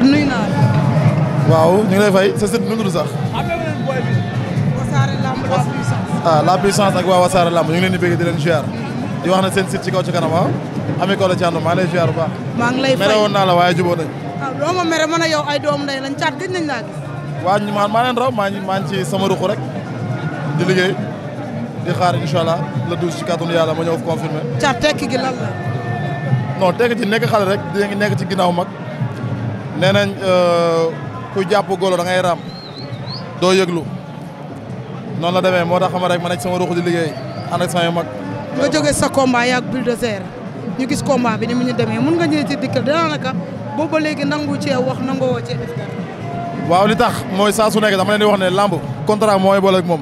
Fat waaw ñu ngi lay fay sa sët nu mu tudd sax. Wassare Lamb ah, Lamb ñu ngi leen di bëgg di leen ziar di wax ne seen site ci kaw ci kanam ah. Ami Collé Thiandoum maa ngi lay ziar maa ngi lay fay mere woon naa la waaye jubóo nañ. waaw ah, doo ma mere man a ay doomu ndey lañ caat gëj nañ laa waa ñu maa maa leen raw maa ngi maa ngi rek di liggéey di xaar incha la le ci kàttanu yàlla ma ñëw confirmé. caat tekki gi lan la. non tekki ji nekk xale rek di nekk ci ginnaaw mag nee nañ euh, ku jàpp golo da ngay doo yëglu noonu la demee moo tax xam rek ma nekk sama ruux di liggéey ànd ak samay mag. nga jógee sa combat yaag bulldozer ñu gis combat bi ni mu ñu demee mun nga ñëw ci dikkal daanaka boobu ba léegi nangu cee wax nangu woo cee def dara. waaw li tax mooy saa su nekk dama leen di wax ne lamb contrat mooy boole moom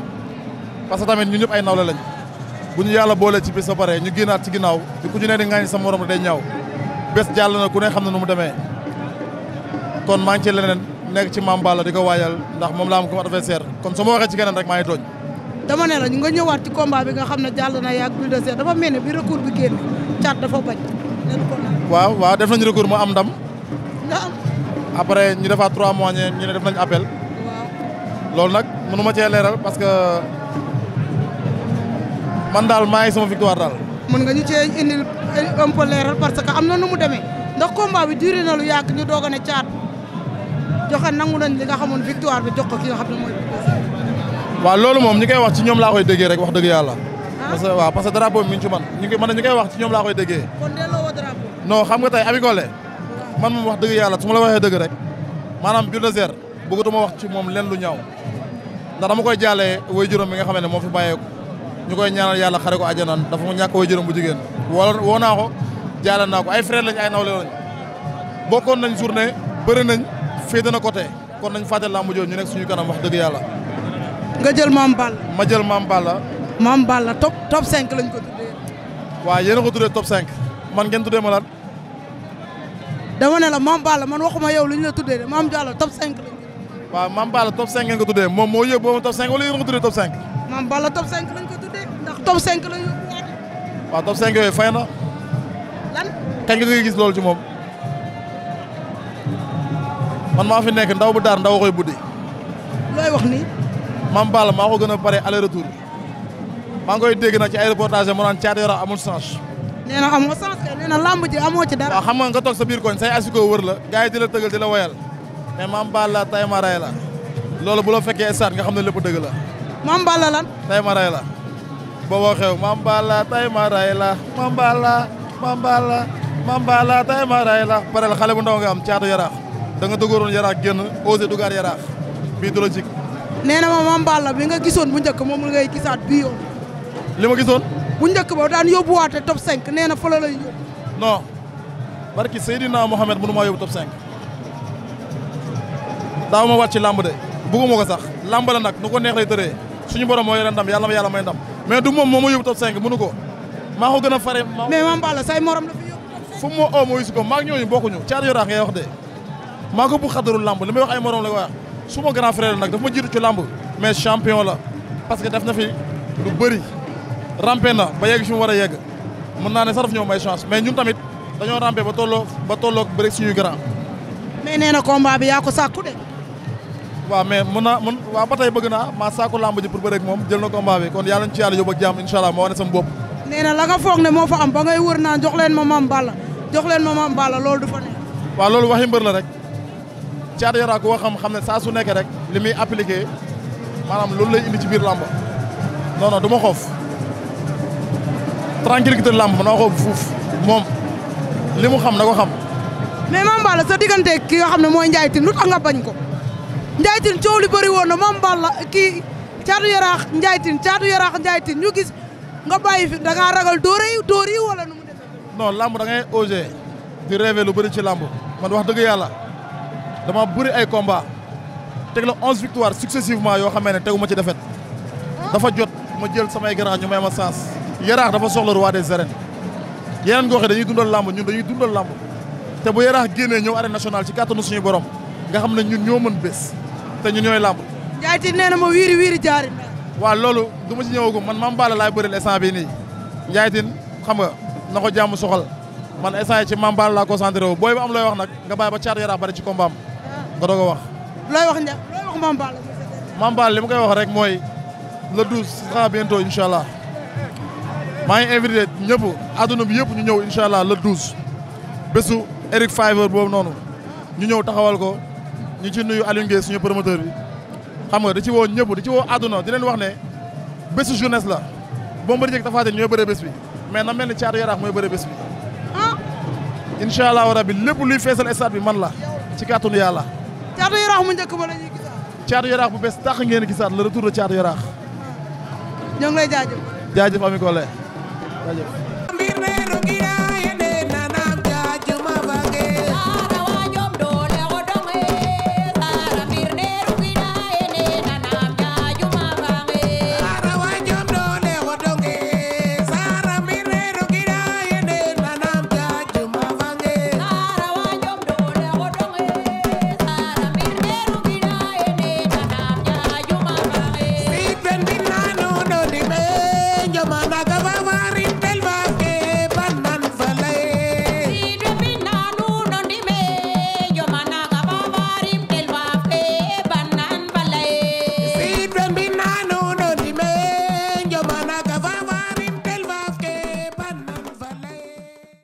parce que tamit ñun ñëpp ay nawle lañ bu ñu yàlla boole ci bis sa pare ñu giinaat ci ginnaaw ku ci ne di ngaañ sa morom day ñaaw bés jàll na ku ne xam na nu mu demee. kon maa ngi ci leneen nekk ci Mame Balla di ko waajal ndax moom laa am comme adversaire kon su ma waxee ci keneen rek maa ngi tooñ dama ne la nga ñëwaat ci combat bi nga xam ne jàll na yaag plus de seet dafa mel ne bi recours bi caat dafa bañ waaw waaw def nañu recours mu am ndam après ñu defaat trois mois ñu ne def nañ appel loolu nag mënu ma cee leeral parce que man daal maa ngi sama victoire mën nga ñu cee indil un peu leeral parce que am na nu mu demee ndax combat bi duré ñu doog caat joxe nangu nañ li nga xamoon victoire bi jox ko ki nga xam ne mooy. waaw loolu moom ñi koy wax ci ñoom laa koy déggee rek wax dëgg yàlla. Ah. parce que waaw parce que drapeau bi mi ngi man ñu koy man ñi koy wax ci ñoom laa koy déggee. xam nga tey Ami Collé man mu wax dëgg yàlla su ma la waxee dëgg rek maanaam seer Bulldozer ma wax ci moom leen lu ñaaw ndax dama koy jàllee way juróom bi nga xam ne moo fi bàyyeeku ñu koy ñaanal yàlla xare ko àjjanaan dafa mu ñàkk way juróom bu jigéen wala woo naa ko jaale naa ko ay frère lañ ay nawle lañ bokkoon nañ journée bëri nañ féete na côté kon nañ fàtte làmb jooju ñu nekk suñu kanam wax dëgg yàlla. nga jël maam Balla. ma jël maam Balla. maam Balla top top 5 lañ ko tuddee. waaw a ko tuddee top 5 man ngeen tuddee ma lan. dama ne la maam Balla man waxuma yow li ñu la tuddee maam Diallo top 5 lañ. waaw maam Balla top 5 ngeen ko tuddee moom moo yëg boobu top 5 wala yéen a ko tuddee top 5. maam Balla top 5 lañ ko tuddee ndax top 5 lañ. waaw top 5 yooyu fay na. lan kañ nga gis loolu ci moom. man maa fi nekk ndaw bu daar ndaw bu buddi. looy wax ni Mame Balla maa ko gën a pare aller retour maa dégg nag ci ay reportage mu naan caat yora amul change. nee na amoo kay nee lamb ji amoo ci dara. waaw xam nga nga toog sa biir koñ say asiko wër la gars yi di la tëgal di la woyal mais Mame Balla tay ma loolu bu la fekkee stade nga xam ne lépp dëgg la. Mame Balla lan. tay ma ray xew Mame Balla la Mame Balla Mame Balla Mame Balla la parel ndaw am caatu da nga dëggooroon yaraax génn osé dugaat yaraax bii du la jig nee na ma Mame Balla bi nga gisoon bu njëkk moom ngay gisaat bii yoon li ma gisoon bu njëkk ba daan yóbbuwaate top 5 nee na fa la lay yóbbu non barki Seydina Mohamed mënu maa yóbbu top 5 daaw ma wàcc làmb de sax làmb la nag nu ko neex lay tëree suñu borom moo yore ndam yàlla ma yàlla may mais du moom moo ma yóbbu top 5 mënu ko maa ko gën a fare mais Mame Balla say morom fu mu ma oo ma ko maa ngi maa ko bu xadarul lamb li may wax ay morom la wax suma grand frère nag dafa ma jiitu ci lamb mais champion la parce que def na fi lu bëri rampe na ba yegg fi war a yegg mën naa ne sax daf ñoo chance mais ñun tamit dañoo rampe ba tolloo ba tolloo bëri suñuy grand mais nee na combat bi yaa ko sàkku de waaw mais mën naa mën waaw bëgg naa maa saako lamb ji pour bëre moom jël na combat bi kon yàlla ñu ci yàlla yóbbu ak jàmm incha allah ma wane sama bopp. nee na la nga foog ne moo fa am ba ngay leen ma maam Balla jox leen loolu du fa ne. waaw loolu Caatu Yaraax ku xam ne saa su nekkee rek li muy appliqué maanaam loolu lay ci biir làmb non non du ma xoof tranquillité làmb mën naa fuuf moom li xam na ko xam. mais Mame Balla sa ki nga xam ne mooy Ndiaye Tine lu tax nga bañ ko Ndiaye Tine coow li bëri woon na Mame Balla kii Caatu Yaraax Ndiaye Tine Caatu Yaraax Ndiaye Tine ñu gis nga bàyyi fi da ragal dóor yi dóor nu mu demee. non làmb da ngay osé di rêver lu bëri ci làmb man wax dëgg yàlla. dama bëri ay combat teg la onze victoires successivement yoo xamee ne teguma ci defet dafa jot ma jël samay garaax ñu may ma sens yaraax dafa soxla waa des arènes yeneen gox yi dañuy dundal làmb ñun dañuy dundal làmb te bu yaraax génnee ñëw arène nationale ci kàttanu suñu borom nga xam ne ñun ñoo mën bés te ñun ñooy làmb Ndiaye Tine nee ma wiiri wiiri waaw loolu du ma ci ñëwagum man Mame Balla laay bëril instant bii nii Ndiaye Tine xam nga na ko jàmm soxal man instant yi ci Mame Balla laa concentré wu booy bu am looy wax nag nga bàyyi ba caatu yaraax bari ci combat nga doog a wax. looy wax Ndiaye li mu koy wax rek mooy la douze sera bientôt incha allah maa ngi invité ñëpp adduna bi yëpp ñu ñëw incha allah le douze bésu Eric boobu noonu ñu ñëw taxawal ko ñu ci nuyu Alioune Gueye suñu promoteur bi xam nga da ci woo ñëpp da ci woo adduna di leen wax ne bésu jeunesse la Bombardier ak Tapha Tine ñooy bëre bi mais na mel ni caatu yaraax mooy bëre bi ah! incha allah rabi lépp luy feesal stade bi man la ci kàttanu yàlla. caatu yaraax mu njëkk ba la ñuy gisaat. caatu yaraax bu bees tax ngeen gisaat le retour de caatu yaraax. ñoo ngi lay jaajëf. jaajëf ami Collé jaajëf.